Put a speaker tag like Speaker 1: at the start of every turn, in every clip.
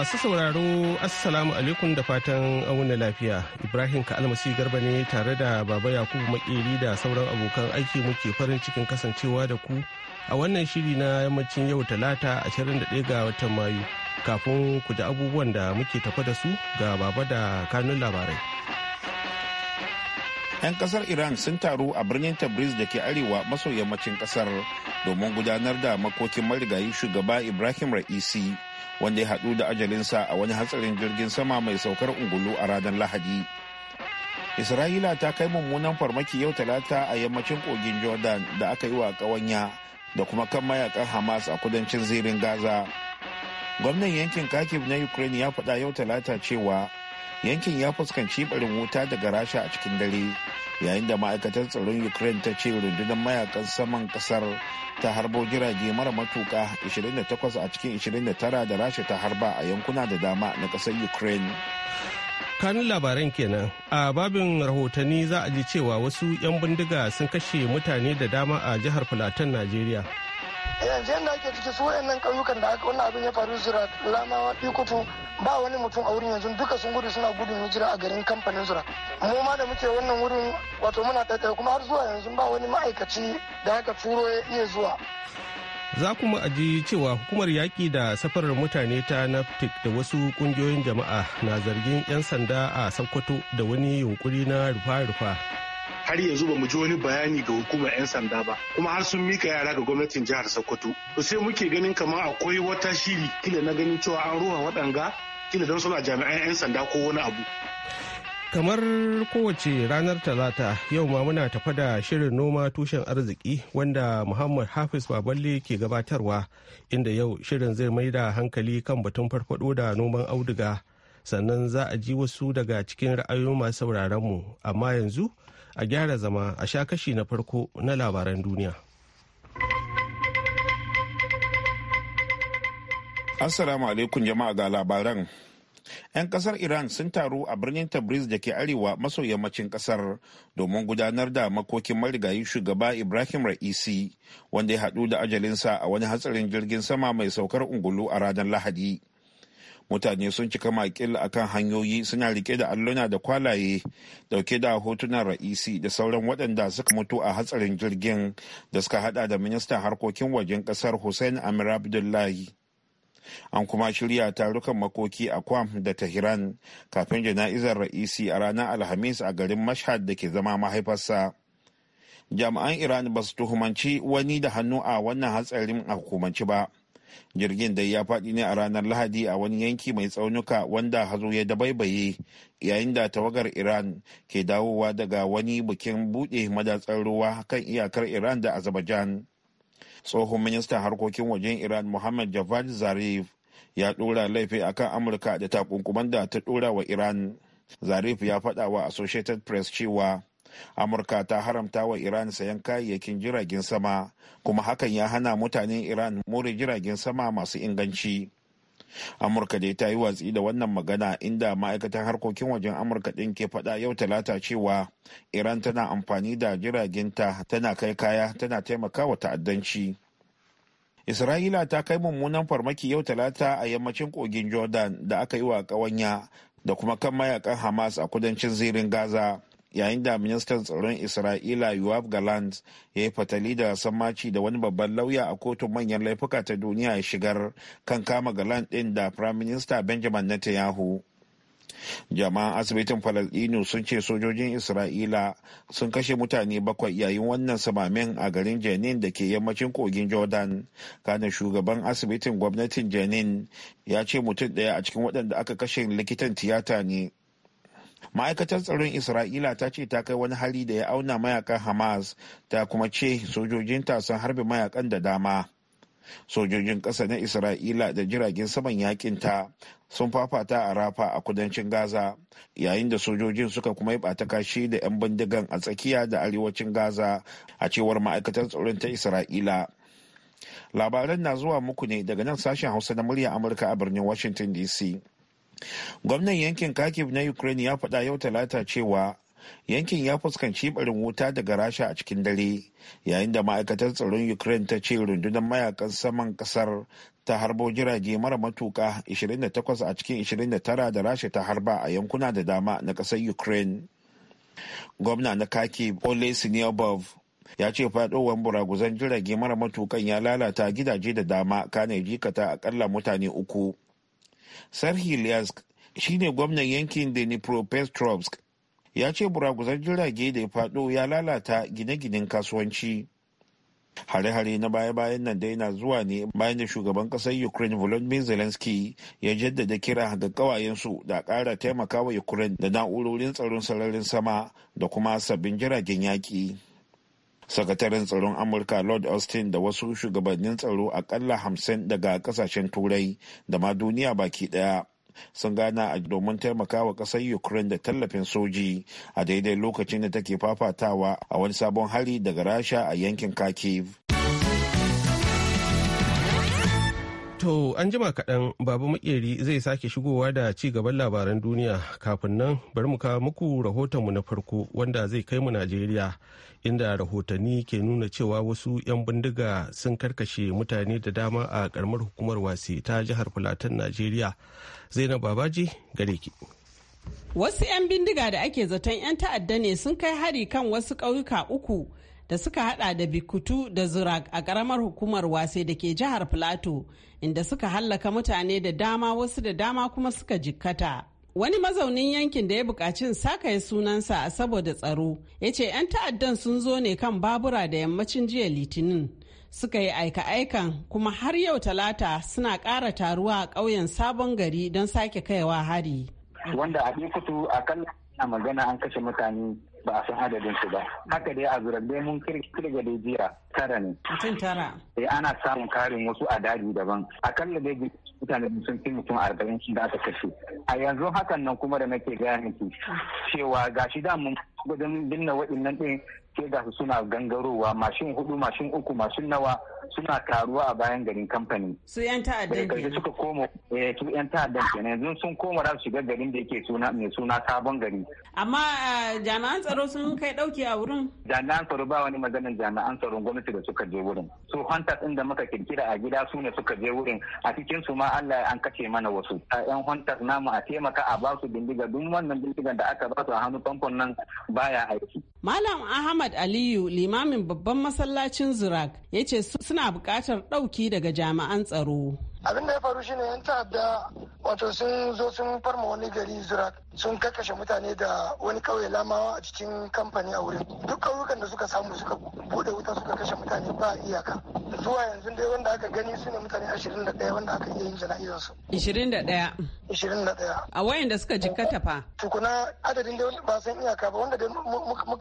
Speaker 1: Masu sauraro Assalamu alaikum da fatan auna lafiya. Ibrahim Ka'almasi Garba ne tare da Baba Yakubu Makeri da sauran abokan aiki muke farin cikin kasancewa da ku a wannan shiri na yammacin yau talata 21 ga watan Mayu. Kafin ku da abubuwan da muke tafa da su ga Baba da kanun labarai.
Speaker 2: 'yan kasar iran sun taru a birnin tabriz da ke arewa maso yammacin kasar domin gudanar da makokin marigayi shugaba ibrahim ra'isi wanda ya haɗu da ajalinsa a wani hatsarin jirgin sama mai saukar ungulu a ranar lahadi isra'ila ta kai mummunan farmaki yau talata a yammacin kogin jordan da aka yi wa ƙawanya da kuma kan mayakan hamas a kudancin zirin gaza gwamnan yankin kakif na ukraine ya faɗa yau talata cewa yankin ya fuskanci barin wuta daga rasha a cikin dare yayin da ma'aikatar tsaron ukraine ta ce rundunar mayakan saman kasar ta harbo jirage mara matuka 28 a cikin 29 da rasha ta harba a yankuna da dama na kasar ukraine
Speaker 1: Kan labaran kenan a babin rahotanni za a ji cewa wasu 'yan bindiga sun kashe mutane da dama a jihar Filatan najeriya
Speaker 3: yanzu yadda ake ciki su wayannan ƙauyukan da aka wannan abin ya faru zura lamawa ikutu ba wani mutum a wurin yanzu duka sun gudu suna gudun hijira a garin kamfanin zura mu ma da muke wannan wurin wato muna tattaya kuma har zuwa yanzu ba wani ma'aikaci da aka turo ya iya zuwa
Speaker 1: za kuma aji cewa hukumar yaƙi da safarar mutane ta naftik da wasu ƙungiyoyin jama'a na zargin 'yan sanda a sokoto da wani yunkuri na rufa-rufa
Speaker 4: har yanzu ba mu ji wani bayani ga hukumar 'yan sanda ba kuma har sun mika yara ga gwamnatin jihar sokoto to sai muke ganin kamar akwai wata shiri kila na ganin cewa an ruwa waɗanga kila don suna jami'an 'yan sanda ko wani abu
Speaker 1: kamar kowace ranar talata yau ma muna tafa da shirin noma tushen arziki wanda muhammad hafiz baballe ke gabatarwa inda yau shirin zai mai da hankali kan batun farfado da noman auduga sannan za a ji wasu daga cikin ra'ayoyin masu mu amma yanzu a gyara zama a sha kashi na farko
Speaker 2: na labaran duniya. Assalamu alaikum jama'a ga labaran. 'Yan kasar Iran sun taru a birnin Tabriz da ke arewa maso yammacin kasar domin gudanar da makokin marigayi shugaba Ibrahim Ra'isi wanda ya haɗu da ajalinsa a wani hatsarin jirgin sama mai saukar ungulu a ranar Lahadi. mutane sun cika makil a kan hanyoyi suna rike da allona da kwalaye dauke da hotunan ra'isi da sauran waɗanda suka mutu a hatsarin jirgin da suka hada da ministan harkokin wajen ƙasar hussein amir abdullahi an kuma shirya tarukan makoki a kwam da tahiran kafin jana'izar ra'isi a ranar alhamis a garin mashhad da ke zama mahaifarsa jami'an iran ba su tuhumanci wani da hannu a wannan hatsarin a hukumanci ba jirgin dai ya faɗi ne a ranar lahadi a wani yanki mai tsaunuka wanda hazo ya dabaibaye yayin da tawagar iran ke dawowa daga wani bikin buɗe madatsar ruwa kan iyakar iran da azerbaijan tsohon ministan harkokin wajen iran muhammad javad zarif ya ɗora laifi akan amurka da takunkuman da ta ɗora wa iran zarif ya faɗa wa associated press cewa amurka ta haramta wa iran sayan kayayyakin jiragen sama kuma hakan ya hana mutanen iran more jiragen sama masu inganci amurka dai ta yi watsi da wannan magana inda ma'aikatan harkokin wajen amurka ɗin ke faɗa yau talata cewa iran tana amfani da jiragenta tana kai kaya tana taimakawa ta'addanci isra'ila ta kai mummunan farmaki yau talata a yammacin kogin jordan da aka yi wa ƙawanya da kuma kan mayakan hamas a kudancin zirin gaza yayin da ministan tsaron isra'ila yoav galant ya yi fatali da sammaci da wani babban lauya a kotun manyan laifuka ta duniya ya shigar kan kama galant din da prime minister benjamin netanyahu jama'an asibitin falasdino sun ce sojojin isra'ila sun kashe mutane bakwai yayin wannan samamin a garin jenin da ke yammacin kogin jordan kana shugaban asibitin gwamnatin jenin ya ce mutum ɗaya a cikin waɗanda aka kashe likitan tiyata ne ma'aikatar tsaron isra'ila ta ce ta kai wani hali da ya auna mayakan hamas ta kuma ce sojojinta sun harbe mayakan da dama sojojin ƙasa na isra'ila da jiragen saman ta sun fafata a rafa a kudancin gaza yayin da sojojin suka kuma yi ɓata kashi da 'yan bindigan a tsakiya da arewacin gaza a cewar ma'aikatar tsaron ta isra'ila labaran na zuwa muku ne daga nan sashen hausa na murya amurka a birnin washington dc gwamnan yankin kharkiv na ukraine ya faɗa yau talata cewa yankin ya fuskanci barin wuta daga rasha a cikin dare yayin da ma'aikatar tsaron ukraine ta ce rundunar mayakan saman kasar ta harbo jirage mara matuka 28 a cikin 29 da rasha ta harba a yankuna da dama na kasar ukraine gwamna na kaki ole siniyabov ya ce fadowar buraguzan jirage mara matukan ya lalata gidaje da dama kane jikata akalla mutane uku sarhi lyask shine gwamnan yankin dnipropetrovsk ya ce buraguzan jirage da ya faɗo ya lalata gine-ginen kasuwanci hare-hare na baya-bayan nan dai na zuwa ne bayan da shugaban ƙasar ukraine volodymyr zelensky ya jaddada kira ga ƙawayensu da ƙara taimakawa ukraine da na'urorin tsaron sararin sama da kuma sabbin jiragen yaƙi sakataren tsaron amurka lord austin da wasu shugabannin tsaro akalla hamsin daga kasashen turai da ma duniya baki daya sun gana a domin taimakawa kasar ukraine da tallafin soji a daidai lokacin da take fafatawa a wani sabon hari daga rasha a yankin kharkiv
Speaker 1: To an jima kaɗan babu Makeri zai sake shigowa da ci gaban labaran duniya kafin nan bari mu kawo muku rahotonmu na farko wanda zai kai mu Najeriya inda rahotanni ke nuna cewa wasu 'yan bindiga sun karkashe mutane da dama a karamar hukumar wasi ta jihar Filatan Najeriya. Zainab Babaji gare ki.
Speaker 5: Wasu 'yan bindiga da ake zaton 'yan ta'adda ne sun kai hari kan wasu ƙauyuka uku da suka hada da Bikutu da Zurak a karamar hukumar Wase da ke jihar plato inda suka hallaka mutane da dama wasu da dama kuma suka jikkata. Wani mazaunin yankin da ya bukaci sakaye sunansa saboda tsaro ya ce 'yan ta'addan sun zo ne kan babura da yammacin jiya litinin. Suka yi aika-aikan kuma har yau talata suna ƙara taruwa a ƙauyen sabon gari don sake kaiwa hari.
Speaker 6: Wanda a kutu a
Speaker 7: kan magana an kashe mutane ba a san adadin su ba haka dai a zurabbe mun kirga dai jiya tara ne mutum tara sai eh, ana samun karin wasu a daji daban akalla dai mutane sun fi mutum arba'in da aka kashe a yanzu hakan nan kuma da nake gaya miki cewa gashi da mun gudun binne waɗannan ɗin sai ga su suna gangarowa mashin hudu mashin uku mashin nawa suna karuwa a bayan garin kamfani.
Speaker 5: Su 'yan ta'addan
Speaker 3: ke.
Speaker 7: suka koma eh, su 'yan ta'addan ke yanzu sun koma za su shiga garin da yake suna mai suna sabon gari.
Speaker 5: Amma eh, jami'an tsaro sun kai ɗauki a wurin.
Speaker 7: Jami'an tsaro ba wani maganin jami'an tsaron gwamnati da suka je wurin. Su hanta ɗin da muka kirkira a gida su ne suka je wurin a cikin su ma Allah an kace mana wasu. A 'yan hantar namu a taimaka a basu bindiga duk wannan bindigan da aka ba su a hannu famfon nan baya aiki.
Speaker 5: Malam Ahmad Aliyu limamin babban masallacin Zurak ya ce suna buƙatar ɗauki daga jami'an tsaro.
Speaker 3: Abin da ya faru shine yan ta'adda wato sun zo sun farma wani gari Zurak sun kakashe mutane da wani ƙauye lamawa a cikin kamfani a wurin. Duk ƙauyukan da suka samu suka buɗe wuta suka kashe mutane ba iyaka. zuwa yanzu dai wanda aka gani su ne mutane 21 wanda aka iya yin jana'izar su
Speaker 5: 21 21 a wayan da suka jikkata fa
Speaker 3: tukuna adadin dai ba san iyaka ba wanda dai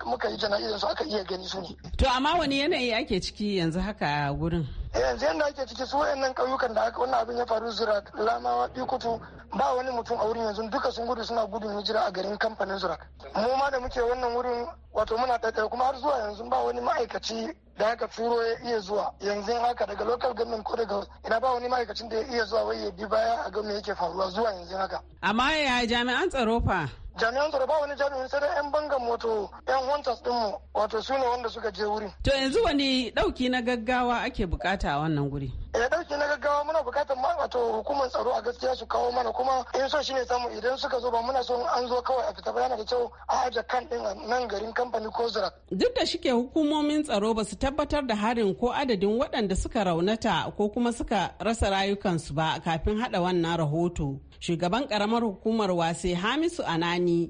Speaker 3: muka yi jana'izar su aka iya gani su ne to amma
Speaker 5: wani yanayi ake ciki yanzu haka gurin
Speaker 3: yanzu yadda ake ciki su wayannan ƙauyukan da aka wannan abin ya faru zurak lamawa bikutu ba wani mutum a wurin yanzu duka sun gudu suna gudun hijira a garin kamfanin zurak mu ma da muke wannan wurin wato muna ɗaiɗaya kuma har zuwa yanzu ba wani ma'aikaci da aka turo ya iya zuwa yanzu haka daga lokal government ko daga ina ba wani ma'aikacin da ya iya zuwa wai ya bi baya a ga me yake faruwa zuwa yanzu haka
Speaker 5: amma ya jami'an tsaro fa
Speaker 3: jami'an tsaro ba wani jami'in sai dai 'yan bangan moto 'yan hunters dinmu wato su ne wanda suka je wurin. To
Speaker 5: yanzu wani dauki na gaggawa ake bukata a wannan guri?
Speaker 3: ya eh, ɗauki na gaggawa muna bukatar ma wato hukumar tsaro a gaskiya su kawo mana kuma in so ne samu idan suka zo ba muna so an zo kawai a fita ba yana da kyau a aje kan din nan garin kamfani ko zira.
Speaker 5: Duk da shike hukumomin tsaro ba su tabbatar da harin ko adadin waɗanda suka raunata ko kuma suka rasa rayukansu ba kafin haɗa wannan rahoto. Shugaban karamar hukumar wasai Hamisu Anani Sani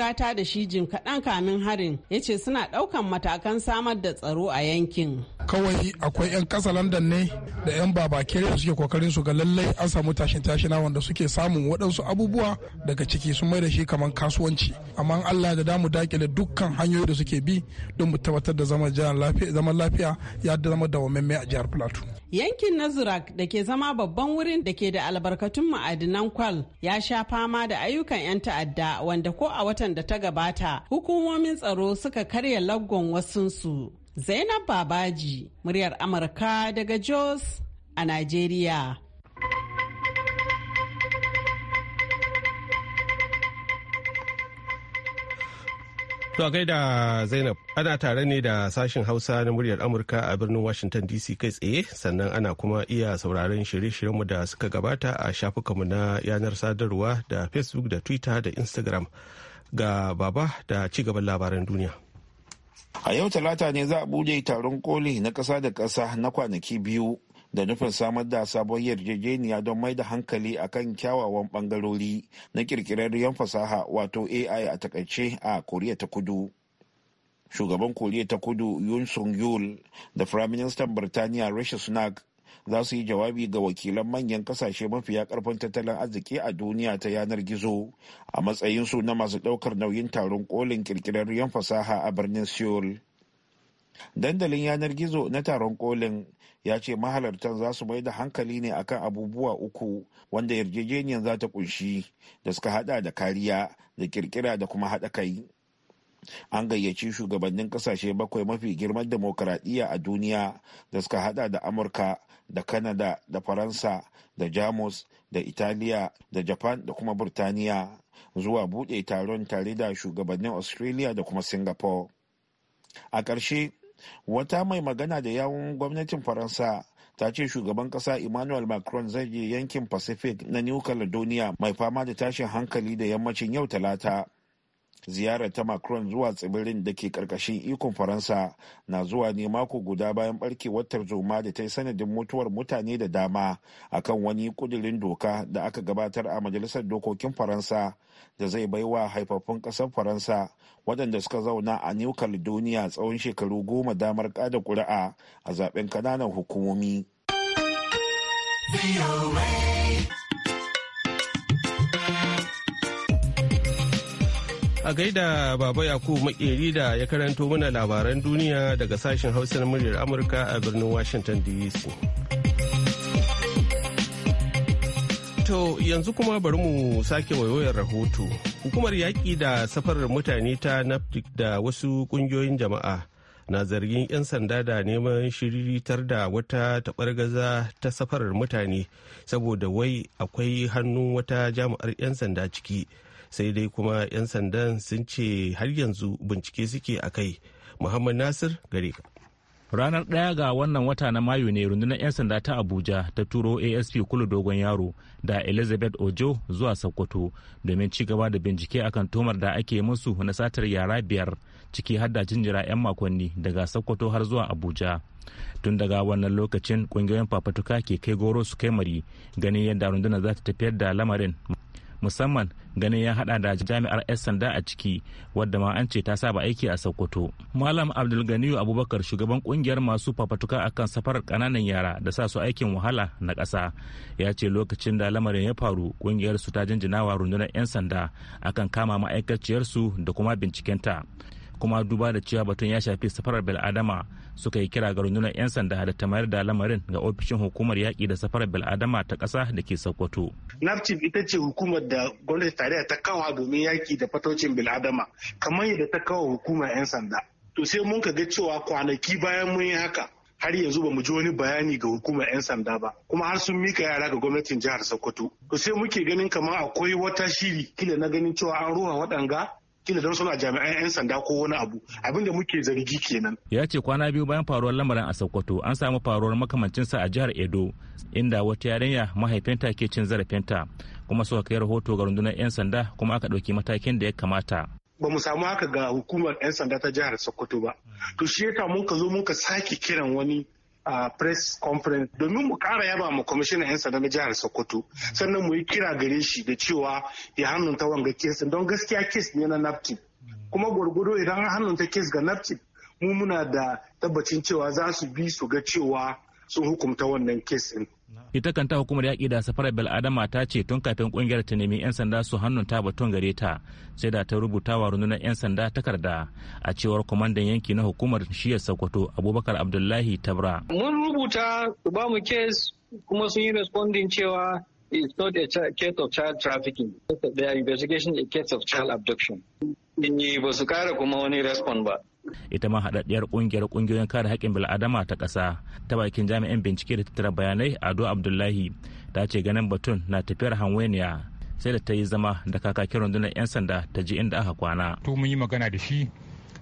Speaker 5: a ta da shi jin kaɗan kamin harin ya ce suna ɗaukan matakan samar da tsaro a yankin.
Speaker 2: Kawai akwai 'yan ƙasa landan ne da 'yan baba da suke kokarin su ga lallai an samu tashin tashina wanda suke samun waɗansu abubuwa daga ciki sun mai da shi kamar kasuwanci. Amma Allah da damu dakile dukkan hanyoyi da suke bi don mu tabbatar da zaman lafiya ya zama dawamamme a jihar Plateau.
Speaker 5: Yankin Nazurak da ke zama babban wurin da ke da albarkatun ma'adinan kwal ya sha fama da ayyukan 'yan ta'adda wanda ko a watan da ta gabata hukumomin tsaro suka karya laggon wasunsu. Zainab Babaji, muryar Amurka daga Jos a Najeriya.
Speaker 1: To a gaida Zainab ana tare ne da sashen Hausa na muryar Amurka a birnin Washington DC kai tsaye sannan ana kuma iya sauraron shirye-shiryenmu da suka gabata a shafukanmu na yanar sadarwa da Facebook da Twitter da Instagram ga baba da cigaban labaran duniya.
Speaker 2: A yau talata ne za a buɗe taron koli na ƙasa da ƙasa na kwanaki biyu da nufin samar da sabon yarjejeniya don mai da hankali akan kyawawan bangarori na kirkirarriyar fasaha wato ai a takaice a koriya ta kudu shugaban koriya ta kudu yun sung yul da firaministan birtaniya rishi sunak za su yi jawabi ga wakilan manyan kasashe mafiya karfin tattalin arziki a duniya ta yanar gizo a matsayin su na masu daukar nauyin taron kolin kirkirarriyar fasaha a birnin seoul dandalin yanar gizo na taron kolin ya ce mahalartan za su mai da hankali ne akan abubuwa uku wanda yarjejeniyar za ta kunshi da suka hada da kariya da kirkira da kuma haɗa kai an gayyaci shugabannin kasashe bakwai mafi girman demokradiyya a duniya da suka hada da amurka da kanada da faransa da jamus da italiya da japan da kuma burtaniya zuwa bude taron tare da shugabannin australia da kuma singapore a ƙarshe wata mai magana da yawun gwamnatin faransa ta ce shugaban kasa emmanuel macron zai je yankin pacific na new caledonia mai fama da tashin hankali da yammacin yau talata ziyarar ta macron zuwa tsibirin da ke karkashin ikon faransa na zuwa ne mako guda bayan barkewar tarzoma da ta yi sanadin mutuwar mutane da dama akan wani kudirin doka da aka gabatar a majalisar dokokin faransa da zai baiwa haifaffun kasar faransa waɗanda suka zauna a new caledonia tsawon shekaru goma damar kada kuri'a a zaben kananan hukumomi.
Speaker 1: A gaida Baba Yakubu Makeri da ya karanto mana labaran duniya daga sashen Hausa na muryar Amurka a birnin Washington DC. To yanzu kuma bari mu sake wayoyin rahoto. Hukumar yaƙi da safarar mutane ta naftik da wasu ƙungiyoyin jama'a na zargin 'yan sanda da neman shiriritar da wata taɓargaza ta safarar mutane saboda wai akwai hannun wata jami'ar 'yan sanda ciki. sai dai kuma 'yan sandan
Speaker 7: sun ce har yanzu bincike suke a kai muhammad nasir gare ka ranar ɗaya ga wannan wata na mayu ne rundunar 'yan sanda ta abuja ta turo asp kulu dogon yaro da elizabeth ojo zuwa sokoto domin ci gaba da bincike akan tomar da ake musu na satar yara biyar ciki har da jinjira 'yan makonni daga sokoto har zuwa abuja tun daga wannan lokacin kungiyoyin fafatuka ke kai goro su kai mari ganin yadda rundunar za ta tafiyar da lamarin musamman ganin ya hada da jami'ar 'yan sanda a ciki wadda ma an ce ta saba aiki a sokoto malam abdulganiyu abubakar shugaban kungiyar masu fafatuka akan safarar kananan yara da sa su aikin wahala na ƙasa ya ce lokacin da lamarin ya faru kungiyar su ta jinjinawa rundunar 'yan sanda akan kama ma'aikaciyar su da kuma binciken ta kuma duba da cewa batun ya shafi safarar bil'adama suka yi kira ga rundunar 'yan sanda da ta mayar da lamarin ga ofishin hukumar yaƙi da safarar bil'adama ta ƙasa da ke sokoto.
Speaker 4: nafcif ita ce hukumar da gwamnati tarayya ta kawo domin yaƙi da fataucin bil'adama kamar yadda ta kawo hukumar 'yan sanda to sai mun ka ga cewa kwanaki bayan mun yi haka har yanzu ba mu ji wani bayani ga hukumar 'yan sanda ba kuma har sun mika yara ga gwamnatin
Speaker 7: jihar sokoto
Speaker 4: to sai muke ganin kamar akwai wata shiri kila na ganin cewa an ruwa waɗanga kila don suna jami'an 'yan sanda ko wani abu abin da muke zargi kenan.
Speaker 7: Ya ce kwana biyu bayan faruwar lamarin a Sokoto an samu faruwar makamancinsa a jihar Edo inda wata yarinya mahaifinta ke cin zarafinta kuma suka kai rahoto ga rundunar 'yan sanda kuma aka ɗauki matakin da ya kamata.
Speaker 4: Ba mu samu haka ga hukumar 'yan sanda ta jihar Sokoto ba. To shi yasa mun ka zo mun ka sake kiran wani a press conference domin mu kara yaba ma kwamishinan 'yan sanda na jihar sokoto sannan mu yi kira gare shi da cewa ya hannunta wanga kesin don gaskiya kes ne na napkin kuma gwargwado idan hannunta kes ga napkin mu muna da tabbacin cewa za su bi su ga cewa sun hukumta wannan kesin.
Speaker 7: ita kanta hukumar yaƙi da safarar bil'adama ta ce tun kafin ƙungiyar ta nemi 'yan sanda su hannunta batun gare ta sai da ta rubuta wa rundunar 'yan sanda takarda a cewar kwamandan yanki na hukumar shiyar sokoto abubakar abdullahi tabra
Speaker 8: mun rubuta su ba mu kes kuma sun yi responding cewa it's not a case of child trafficking they investigation investigation a case of child abduction ba su kara kuma wani respond ba
Speaker 7: ita ma haɗaɗɗiyar ƙungiyar ƙungiyoyin kare haƙƙin bil'adama ta ƙasa ta bakin jami'in bincike da tattara bayanai ado abdullahi ta ce ganin batun na tafiyar hanweniya sai da ta yi zama da kakakin rundunar 'yan sanda ta ji inda aka kwana. to mun yi magana da shi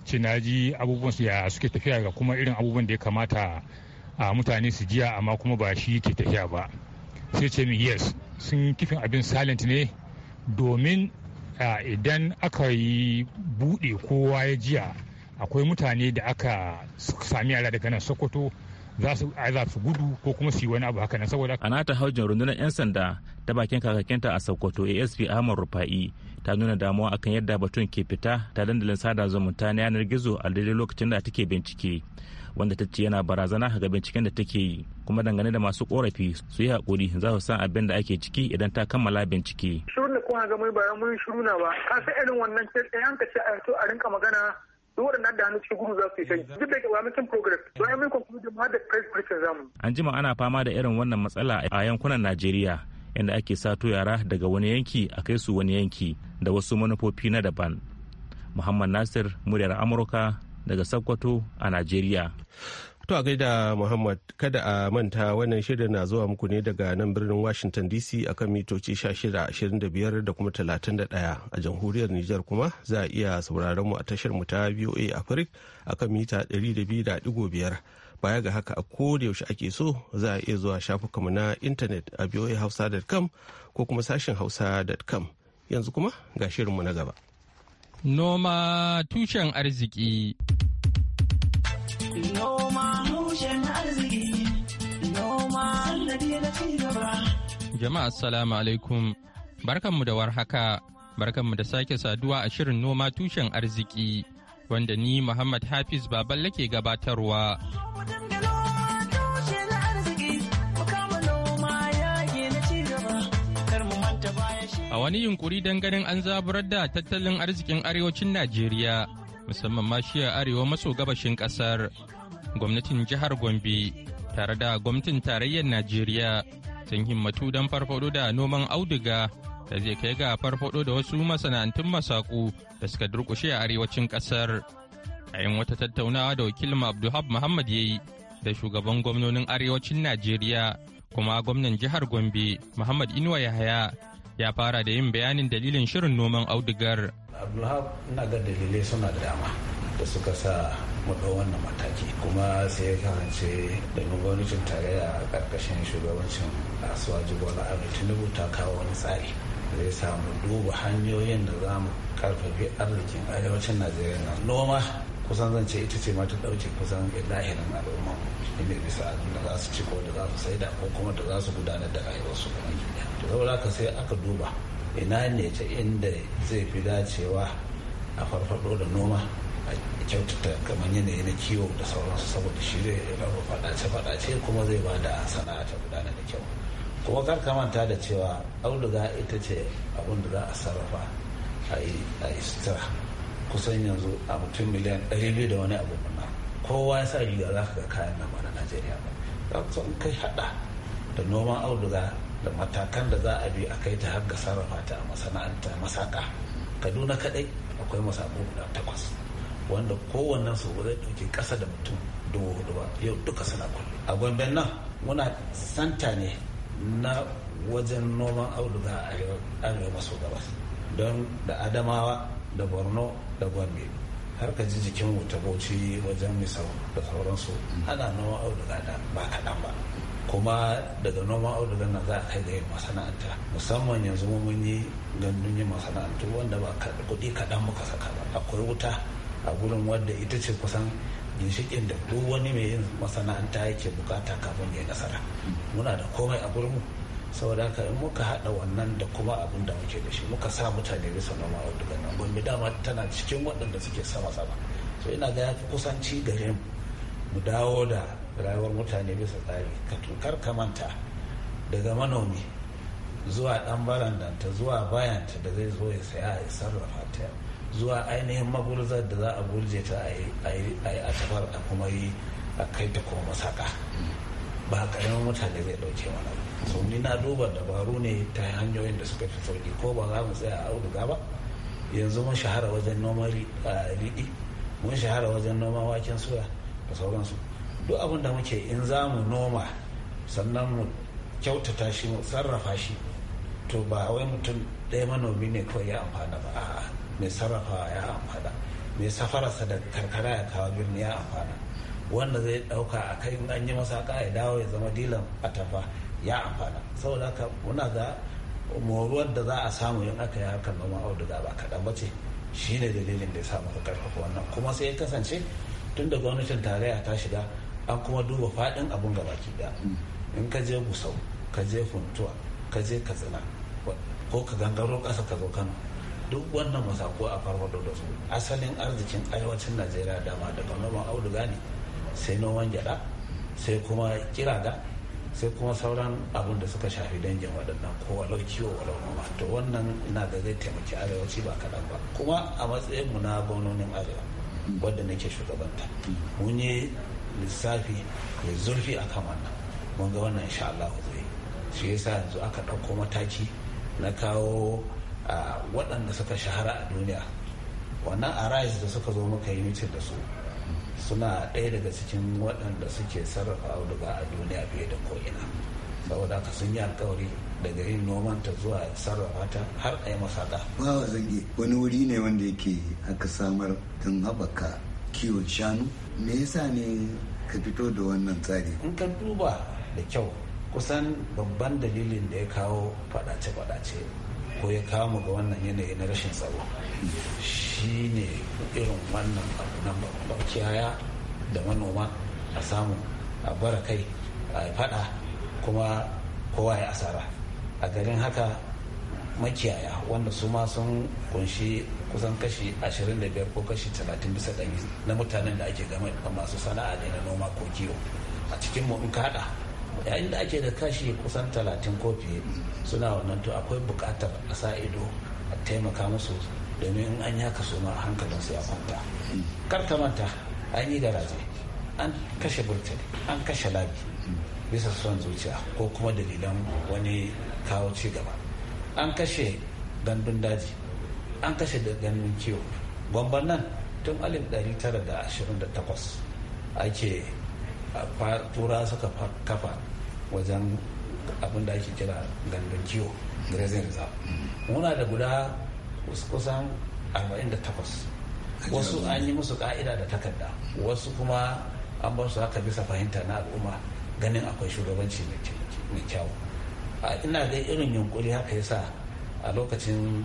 Speaker 7: ce na ji abubuwan su ya suke tafiya ga kuma irin abubuwan da ya kamata a mutane su jiya amma kuma ba shi ke tafiya ba sai ce min yes sun kifin abin silent ne domin idan aka yi buɗe kowa ya jiya akwai mutane da aka sami yara daga nan sokoto za su za su gudu ko kuma su yi wani abu haka nan saboda a nata haujin rundunar yan sanda ta bakin kakakinta a sokoto asp ahmad rufa'i ta nuna damuwa akan yadda batun ke fita ta dandalin sada zumunta na yanar gizo a daidai lokacin da take bincike wanda ta ce yana barazana ga binciken da take yi kuma dangane da masu korafi su yi hakuri za su san abin da ake ciki idan ta kammala bincike
Speaker 3: shirin da kuma ga mai bayan mun shiruna ba ka san irin wannan ce ɗayan ka ce a rinka magana duk waɗannan da hannu cikin gudu za su yi shan duk da wa mutum progress don yamin conclusion ma da price pressure zamu.
Speaker 7: an jima ana fama da irin wannan matsala a yankunan najeriya inda ake sato yara daga wani yanki a kai su wani yanki da wasu manufofi na daban muhammad nasir muryar amurka daga sokoto a najeriya
Speaker 1: To a gaida Muhammad kada a manta wannan shirin na zuwa muku ne daga nan birnin Washington DC akan mitoci 1625 da kuma 31 a jamhuriyar Nijar kuma za a iya sauraron mu a tashar mu ta VOA Africa akan mita 200.5 baya ga haka a da yaushe ake so za a iya zuwa shafukan mu na intanet a voahausa.com ko kuma sashin hausa.com yanzu kuma ga shirin mu na gaba.
Speaker 8: Noma tushen arziki. Noma
Speaker 6: Jama'a arziki noma sannadi na ci
Speaker 8: Jama'a assalamu alaikum barkanmu da warhaka barkanmu da sake saduwa a shirin noma tushen arziki wanda ni Muhammad Hafiz Baballe ke gabatarwa. A wani yunkuri don ganin an zaburar da tattalin arzikin arewacin Najeriya musamman ma arewa maso gabashin kasar gwamnatin jihar Gombe tare da gwamnatin tarayyar Najeriya sun himmatu don farfado da noman auduga da zai kai ga farfado da wasu masana'antun masaku da suka durkushe a arewacin kasar. A yin wata tattaunawa da wakilin Abdulhab Muhammad ya yi da shugaban gwamnonin arewacin Najeriya kuma gwamnan jihar Gombe Muhammad Inuwa Yahaya ya fara da yin bayanin dalilin shirin noman audugar.
Speaker 6: Abdulhab ina ga dalilai suna da dama da suka sa mu wannan mataki kuma sai ya kasance da gwamnatin tarayya a ƙarƙashin shugabancin asuwaji bola ahmed tinubu ta kawo wani tsari zai samu duba hanyoyin da za mu karfafi arzikin arewacin najeriya na noma kusan zan ce ita ce mata ta ɗauke kusan lahirin al'umma inda bisa abin da za su ci ko da za su saida ko kuma da za su gudanar da rayuwarsu kuma gida to saboda haka sai aka duba ina ne ta inda zai fi dacewa a farfado da noma a kyautata kamar yanayi na kiwo da sauransu saboda shi zai rarra faɗace-faɗace kuma zai ba da sana'a ta gudana da kyau kuma kar manta da cewa auduga ita ce abin da za a sarrafa a yi sutura kusan yanzu a mutum miliyan ɗari biyu da wani abu muna kowa ya sa riga za ka ga kayan nan na najeriya ba za ka kai haɗa da noman auduga da matakan da za a bi a kai ta har ga sarrafa ta a masana'anta masaka kaduna kaɗai akwai masaku guda takwas wanda kowannen su zai ɗauki ƙasa da mutum dubu hudu ba yau duka suna kulle a gwamnati nan muna santa ne na wajen noman auduga a arewa maso gabas don da adamawa da borno da gombe har ka ji jikin wuta bauchi wajen misau da sauransu ana noman auduga da ba kaɗan ba kuma daga noman auduga na za a kai ga yin masana'anta musamman yanzu mun yi gandun yin masana'antu wanda ba kuɗi kaɗan muka saka ba akwai wuta a gurin wadda ita ce kusan ginshikin da duk wani mai yin masana'anta yake bukata kafin ya nasara muna da komai a gurin saboda haka in muka haɗa wannan da kuma abin da muke da shi muka sa mutane bisa noma a duka nan gombe dama tana cikin waɗanda suke sama sama so ina ga yafi kusanci gare mu mu dawo da rayuwar mutane bisa tsari ka tukar ka manta daga manomi zuwa ɗan barandanta zuwa bayanta da zai zo ya saya ya sarrafa ta yau zuwa ainihin magurzar da za a gurje ta a yi a kuma yi a kai ta kuma masaka ba karamin mutane zai dauke mana sau ni na duba dabaru ne ta hanyoyin da suka fi sauki ko ba za mu tsaya a auduga ba yanzu mun shahara wajen noman riɗi mun shahara wajen noma waken suya da sauransu duk abin da muke in za mu noma sannan mu kyautata shi mu sarrafa shi to ba wai mutum ɗaya manomi ne kawai ya amfana ba a'a mai sarrafawa ya amfana mai safararsa da karkara ya kawo birni ya amfana wanda zai dauka a kai an yi masa ka ya dawo ya zama dilan atafa ya amfana saboda ka muna ga moruwar da za a samu yin aka yi harkar noman auduga ba kaɗan ba ce shi ne dalilin da ya samu ka karfafa wannan kuma sai ya kasance tun da gwamnatin tarayya ta shiga an kuma duba faɗin abun gaba ki in ka je gusau ka je funtuwa ka je katsina ko ka gangaro ƙasa ka zo kano duk wannan masako a farfado da su asalin arzikin arewacin najeriya dama daga noman auduga ne sai noman gyada sai kuma kirada sai kuma sauran abun da suka shafi dangin waɗannan ko walau kiwo walau noma to wannan ina da zai taimaki arewaci ba kaɗan ba kuma a matsayin mu na gwamnonin arewa wadda nake shugabanta mun yi lissafi mai zurfi a kan wannan mun ga wannan insha Allah zai shi yasa yanzu aka ɗauko mataki na kawo A waɗanda suka shahara a duniya wannan arise da suka zo muka yi mitin da su suna ɗaya daga cikin waɗanda suke sarrafa auduga a duniya fiye da ko'ina saboda haka sun yi alkawari daga yin noman ta zuwa sarrafa ta har a yi masaka.
Speaker 3: Bawa zage wani wuri ne wanda yake aka samar don haɓaka kiwon shanu me yasa ne ka fito da wannan tsari.
Speaker 6: In ka duba da kyau kusan babban dalilin da ya kawo faɗace-faɗace ko ya kama ga wannan yanayi na rashin tsaro shi ne irin wannan abu na makiyaya da manoma a samu a bara kai a fada kuma kowa ya asara a garin haka makiyaya wanda su ma sun kunshi kusan kashi 25 ko kashi 30 bisa ɗari na mutanen da ake gama masu sana'a ne na noma ko kiwo a cikin mu in kaɗa. yayin da ake da kashi kusan talatin ko fiye suna wannan to akwai bukatar a sa ido a taimaka musu domin an yaka kaso ma hankalin su ya kwanta kar ka manta an yi garaje an kashe burtali an kashe labi bisa son zuciya ko kuma dalilan wani kawo ci gaba an kashe gandun daji an kashe da gandun kiwo gwamban nan tun 1928 ake tura suka kafa wajen abin da ake kira gandun kiwo grazing reserve muna da guda kusan 48 wasu an yi musu ka'ida da takarda wasu kuma an ba su haka bisa fahimta na al'umma ganin akwai shugabanci mai kyau ina ga irin yunkuri haka yasa a lokacin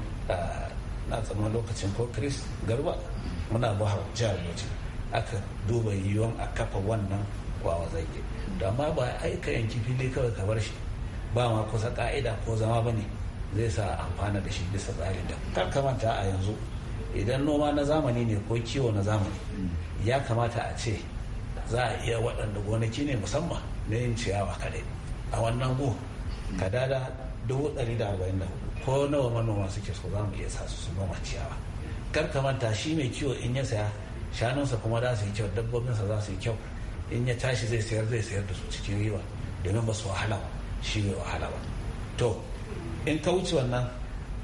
Speaker 6: na tsamman lokacin ko chris garba muna bahar jihar bauchi aka duba yiwuwan a kafa wannan kwawa zai da ma ba aika yanki fili kawai ka bar shi ba ma kusa ka'ida ko zama ba ne zai sa amfana da shi bisa tsarin da kar ka manta a yanzu idan noma na zamani ne ko kiwo na zamani ya kamata a ce za a iya waɗanda gonaki ne musamman na yin ciyawa kadai a wannan go ka dada dubu ɗari da arba'in da ko nawa manoma suke so za mu iya sa su noma ciyawa kar ka manta shi mai kiwo in ya saya shanunsa kuma za su yi kyau dabbobinsa za su yi kyau in ya tashi zai sayar zai sayar da su cikin riba domin ba su wahala ba shi bai wahala ba to in ka wuce wannan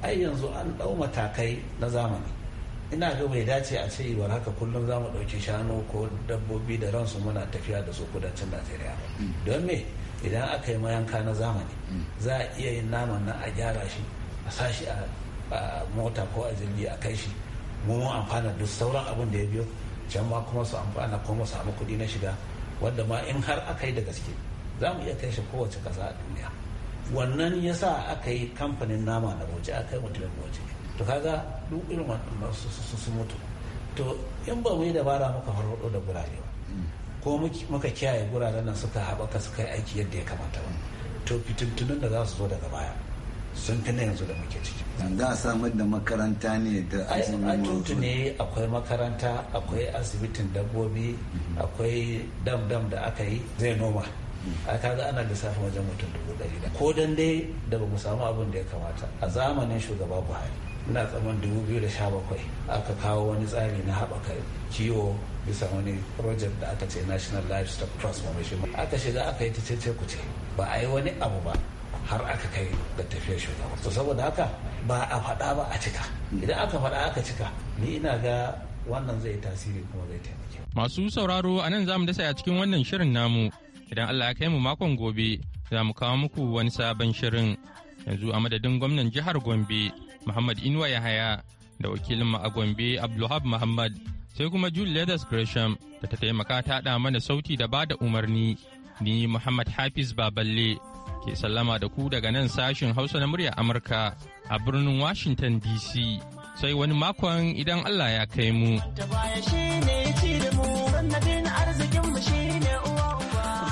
Speaker 6: ai yanzu an ɗau matakai na zamani ina ga bai dace a ce iwar haka kullum za mu ɗauki shanu ko dabbobi da ransu muna tafiya da su kudancin najeriya ba mm. don me idan aka yi mayanka na zamani mm. za a iya yin naman nan a gyara shi a sa shi a mota ko a jirgi a kai shi mu amfana duk sauran abin da ya biyo can ma kuma su amfana kuma samu kuɗi na shiga wanda ma in har aka yi da gaske za mu iya kai shi kowace kasa a duniya wannan ya sa aka yi kamfanin nama na bauchi aka yi mutumin bauchi to kaga duk irin su mutu to in ba mu yi dabara muka farfado da gurare ba ko muka kiyaye guraren nan suka haɓaka suka yi aiki yadda ya kamata ba to fitintunan da za su zo daga baya sun fi na yanzu da muke ciki. za a samar da makaranta ne da a ne akwai makaranta akwai asibitin dabbobi mhm. akwai dam dam da aka yi zai noma mhm. a kaga ana lissafin wajen mutum dubu ɗari da ko dan dai da ba mu samu abin da ya kamata a zamanin shugaba buhari ina tsaman dubu biyu da sha bakwai aka kawo wani tsari na haɓaka kiwo bisa wani project da aka ce national livestock transformation aka shiga aka yi ta ce ku ce ba a yi wani abu ba har aka kai da tafiyar shugaba to saboda haka ba a faɗa ba a cika idan aka faɗa aka cika ni ina ga wannan zai tasiri kuma zai taimake
Speaker 8: masu sauraro a nan zamu dasa a cikin wannan shirin namu idan Allah ya kai mu makon gobe za mu kawo muku wani sabon shirin yanzu a madadin gwamnan jihar Gombe Muhammad Inuwa Yahaya da wakilin a Gombe Abdulhab Muhammad sai kuma julius Leathers Gresham da ta taimaka ta mana sauti da bada umarni ni Muhammad Hafiz Baballe ke sallama da ku daga nan sashin Hausa na murya Amurka a birnin Washington DC. Sai wani makon idan Allah ya kai mu.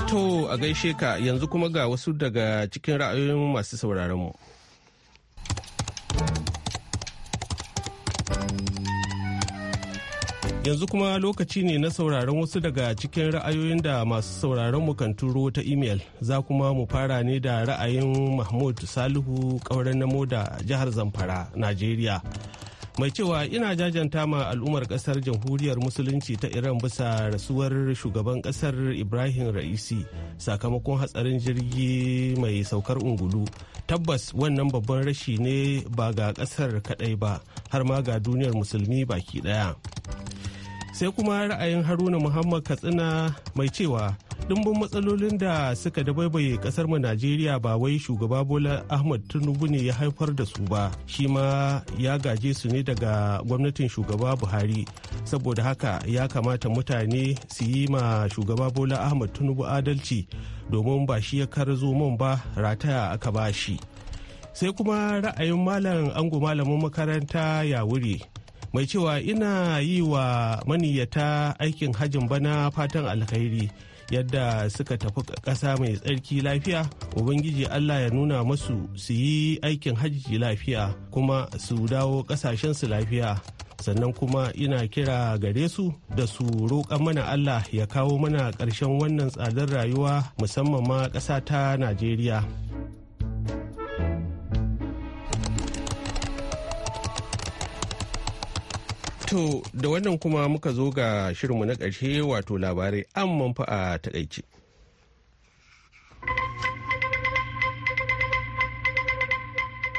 Speaker 1: To a gaishe ka yanzu kuma ga wasu daga cikin ra'ayoyin masu sauraron mu. Yanzu kuma lokaci ne na sauraron wasu daga cikin ra'ayoyin da masu sauraron mu kan turo ta imel. Za kuma mu fara ne da ra'ayin Mahmud Salihu kauren na moda jihar Zamfara, Najeriya. Mai cewa ina jajanta ma al'ummar kasar jamhuriyar musulunci ta Iran bisa rasuwar shugaban kasar Ibrahim Ra'isi sakamakon hatsarin jirgi mai saukar ungulu. Tabbas wannan babban rashi ne ba ga kasar kadai ba har ma ga duniyar musulmi baki daya. sai kuma ra'ayin haruna muhammad katsina mai cewa dimbin matsalolin da suka dabaibaye kasar mu najeriya ba wai shugaba bola ahmad tinubu ne ya haifar da su ba shi ma ya gaje su ne daga gwamnatin shugaba buhari saboda haka ya kamata mutane su yi ma shugaba bola ahmad tinubu adalci domin ba shi ya zo man ba rataya aka ba shi sai kuma ra'ayin malam ango malamin makaranta ya wuri mai cewa ina yi wa maniyyata aikin hajjin bana fatan alkhairi yadda suka tafi ƙasa mai tsarki lafiya ubangiji allah ya nuna masu su yi aikin hajji lafiya kuma su dawo ƙasashensu lafiya sannan kuma ina kira gare su da su roƙa mana allah ya kawo mana ƙarshen wannan tsadar rayuwa musamman ma ƙasa ta najeriya To da wannan kuma muka zo ga shirinmu na ƙarshe wato labarai an manfa a takaice.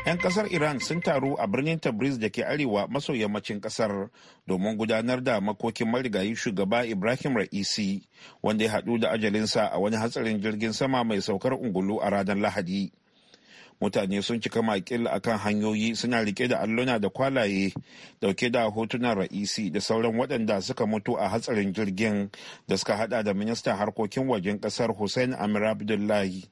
Speaker 2: ‘Yan kasar Iran sun taru a birnin Tabriz da ke arewa maso yammacin kasar domin gudanar da makokin marigayi shugaba Ibrahim Ra'isi wanda ya haɗu da ajalinsa a wani hatsarin jirgin sama mai saukar ungulu a ranar Lahadi. mutane sun cika makil a kan hanyoyi suna rike da alluna da kwalaye dauke da hotunan ra'isi da sauran waɗanda suka mutu a hatsarin jirgin da suka hada da ministan harkokin wajen ƙasar hussein amir abdullahi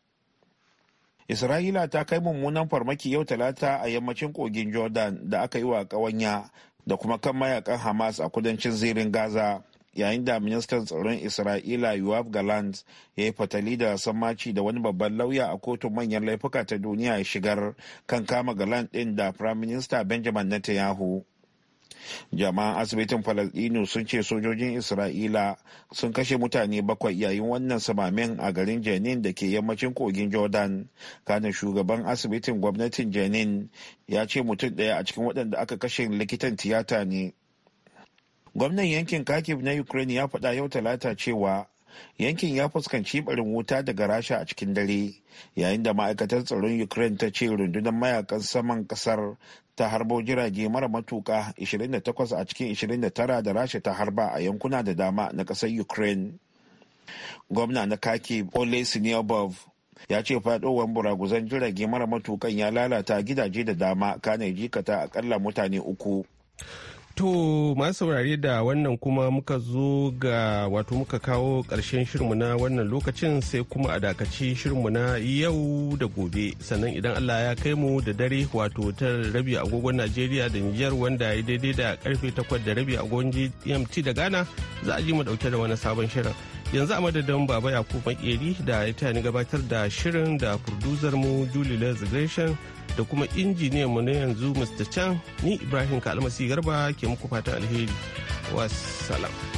Speaker 2: isra'ila ta kai mummunan farmaki yau talata a yammacin kogin jordan da aka yi wa ƙawanya da kuma kan mayakan hamas a kudancin zirin gaza yayin da ministan tsaron isra'ila yuwaf galant ya yi fatali da sammaci da wani babban lauya a kotun manyan laifuka ta duniya ya shigar kan kama galant din da prime minister benjamin netanyahu jama'an asibitin falasdino sun ce sojojin isra'ila sun kashe mutane bakwai yayin wannan samamin a garin jenin da ke yammacin kogin jordan kanin shugaban asibitin gwamnatin jenin ya ce mutum daya a cikin waɗanda aka kashe likitan tiyata ne gwamnan yankin kharkiv na ukraine ya faɗa yau talata cewa yankin ya fuskanci barin wuta daga rasha a cikin dare yayin da ma'aikatar tsaron ukraine ta ce rundunar mayakan saman kasar ta harbo jirage mara matuka 28 a cikin 29 da rasha ta harba a yankuna da dama na kasar ukraine gwamna na kake ole siniyabov ya ce faɗowar buraguzan jirage mara matukan ya lalata gidaje da dama kana jikata akalla mutane uku To masu
Speaker 1: saurare da wannan kuma muka zo ga wato muka kawo ƙarshen shirinmu na wannan lokacin sai kuma a dakaci shirinmu na yau da gobe sannan idan Allah ya kai mu da dare wato ta rabi agogon Najeriya da Niger wanda ya daidai da karfe takwas da rabi agogon GMT da Ghana za a ji mu dauke da wani sabon shirin. Yanzu a madadin Baba Yakubu Makeri da ya tayani gabatar da shirin da producer mu Julie da kuma injiniyan mu na yanzu Mr. Chan ni Ibrahim Kalmasi Garba ke muku fatan alheri. Wassalam.